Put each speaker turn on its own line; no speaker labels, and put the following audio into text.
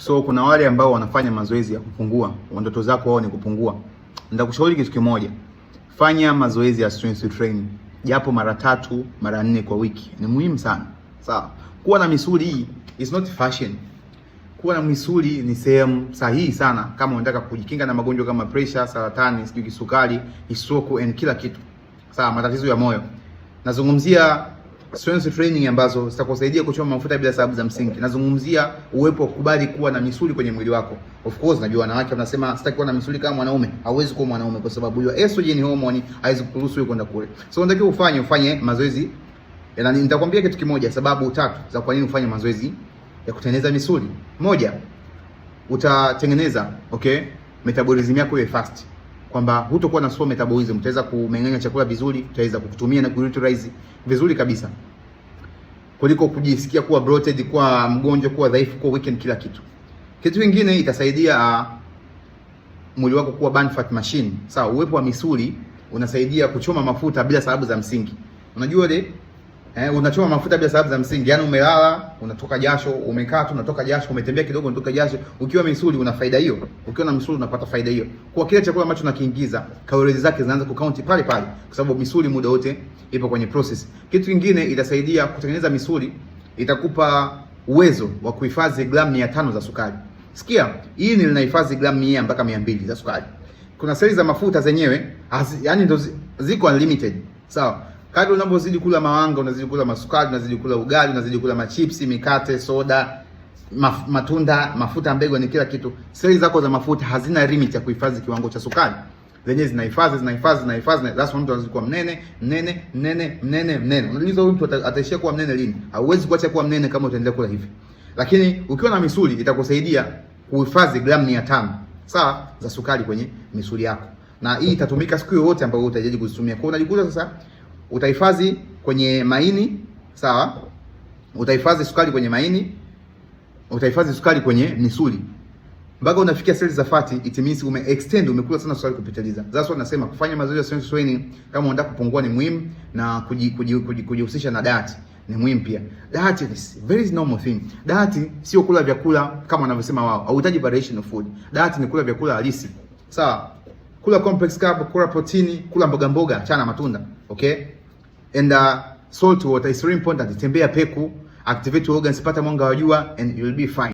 So kuna wale ambao wanafanya mazoezi ya kupungua, ndoto zako wao ni kupungua. Nitakushauri kitu kimoja, fanya mazoezi ya strength training japo mara tatu mara nne kwa wiki, ni muhimu sana. Sawa, kuwa na misuli hii is not fashion. Kuwa na misuli ni sehemu sahihi sana kama unataka kujikinga na magonjwa kama pressure, saratani, sijui kisukari, isoko and kila kitu. Sawa, matatizo ya moyo nazungumzia strength training ambazo zitakusaidia kuchoma mafuta bila sababu za msingi. Nazungumzia uwepo kukubali kuwa na misuli kwenye mwili wako. Of course najua wanawake wanasema sitaki kuwa na misuli kama mwanaume. Hauwezi kuwa mwanaume kwa sababu hiyo estrogen hormone haiwezi kuruhusu wewe kwenda kule. So unatakiwa ufanye ufanye mazoezi. Na nitakwambia kitu kimoja, sababu tatu za kwa nini ufanye mazoezi ya kutengeneza misuli. Moja, utatengeneza okay metabolism yako iwe fast kwamba hutokuwa na slow metabolism, utaweza kumeng'enya chakula vizuri, utaweza kukutumia na kuutilize vizuri kabisa, kuliko kujisikia kuwa bloated, kuwa mgonjwa, kuwa dhaifu, kuwa weekend, kila kitu. Kitu kingine itasaidia ah, mwili wako kuwa burn fat machine. Sawa, uwepo wa misuli unasaidia kuchoma mafuta bila sababu za msingi. Unajua ile Eh, unachoma mafuta bila sababu za msingi. Yaani umelala, unatoka jasho, umekaa tu unatoka jasho, umetembea kidogo unatoka jasho. Ukiwa misuli una faida hiyo. Ukiwa na misuli unapata faida hiyo. Kwa kile chakula ambacho unakiingiza, kalori zake zinaanza kukaunti pale pale kwa sababu misuli muda wote ipo kwenye process. Kitu kingine itasaidia kutengeneza misuli, itakupa uwezo wa kuhifadhi gramu 500 za sukari. Sikia, hii ni linahifadhi gramu 100 mpaka 200 za sukari. Kuna seli za mafuta zenyewe, yaani ndio ziko unlimited. Sawa? So, Kadri unavyozidi kula mawanga, unazidi kula masukari, unazidi kula ugali, unazidi kula machipsi, mikate, soda, maf matunda, mafuta mbegu ni kila kitu. Seli zako za mafuta hazina limit ya kuhifadhi kiwango cha sukari. Zenyewe zinahifadhi, zinahifadhi, zinahifadhi. That's why mtu anazidi kuwa mnene, mnene, mnene, mnene, mnene. Unauliza huyu mtu ataishia kuwa mnene lini? Hauwezi kuacha kuwa mnene kama utaendelea kula hivi. Lakini ukiwa na misuli itakusaidia kuhifadhi gramu tano sawa za sukari kwenye misuli yako. Na hii itatumika siku yoyote ambayo utahitaji kuzitumia. Kwa hiyo unajikuta sasa utahifadhi kwenye maini sawa, utahifadhi sukari kwenye maini, utahifadhi sukari kwenye misuli mpaka unafikia seli za fati, it means ume extend, umekula sana sukari kupitiliza. That's why nasema kufanya mazoezi ya strength training kama unataka kupungua ni muhimu, na kujihusisha kuji, kuji, kuji na diet ni muhimu pia. Diet is very normal thing. Diet sio kula vyakula kama wanavyosema wao, hauhitaji variation of food. Diet ni kula vyakula halisi, sawa? Kula complex carb, kula protini, kula mboga mboga, chana matunda, okay? and uh, salt water is really important. Tembea peku, activate organs, pata mwanga wa jua and you'll be fine.